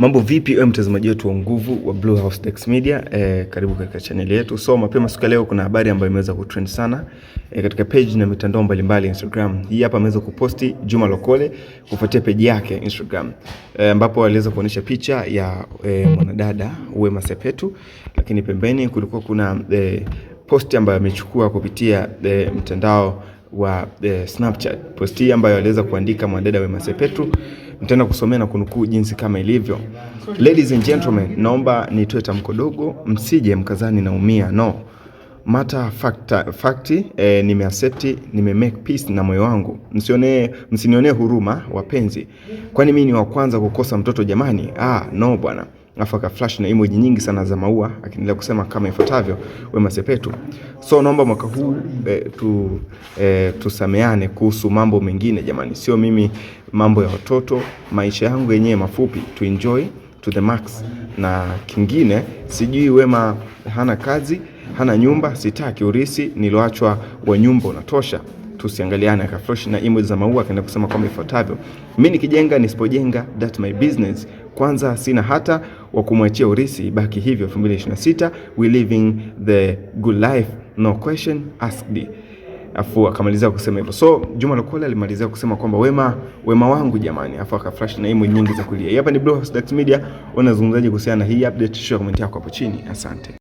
Mambo vipi wewe mtazamaji wetu wa nguvu wa Blue House Dax Media, eh, karibu katika channel yetu. So mapema siku ya leo kuna habari ambayo imeweza kutrend sana eh, katika page na mitandao mbalimbali Instagram. Hii hapa ameweza kuposti Juma Lokole kufuatia page yake Instagram Instagram eh, ambapo aliweza kuonyesha picha ya eh, mwanadada Wema Sepetu, lakini pembeni kulikuwa kuna eh, posti ambayo amechukua kupitia eh, mtandao wa e, Snapchat. Posti hii ambayo aliweza kuandika mwanadada Wema Sepetu, nitaenda kusomea na kunukuu jinsi kama ilivyo. Ladies and gentlemen, naomba nitoe tamko dogo, msije mkazani naumia, no matter fact, fact eh, nimeaccept nime make peace na moyo wangu. Msione, msinionee huruma wapenzi, kwani mimi ni wa kwanza kukosa mtoto jamani? Ah, no bwana alafu akaflash na emoji nyingi sana za maua akiendelea kusema kama ifuatavyo: Wema Sepetu, so naomba mwaka huu eh, tu, eh, tusameane kuhusu mambo mengine jamani, sio mimi, mambo ya watoto, maisha yangu yenyewe mafupi, tu enjoy to the max. Na kingine sijui Wema hana kazi hana nyumba, sitaki urisi niloachwa wa nyumba unatosha, tusiangaliane. Akaflosh na emoji za maua akaenda kusema kwamba ifuatavyo: mimi nikijenga nisipojenga, that my business. Kwanza sina hata wa kumwachia urithi baki hivyo 2026 we living the good life no question asked afu akamalizia kusema hivyo. So Juma Lokole alimalizia kusema kwamba wema wema wangu jamani, afu akafresh na emoji nyingi za kulia. Hapa ni Blue House Media, unazungumzaje kuhusiana na hii update? Shusha comment yako hapo chini. Asante.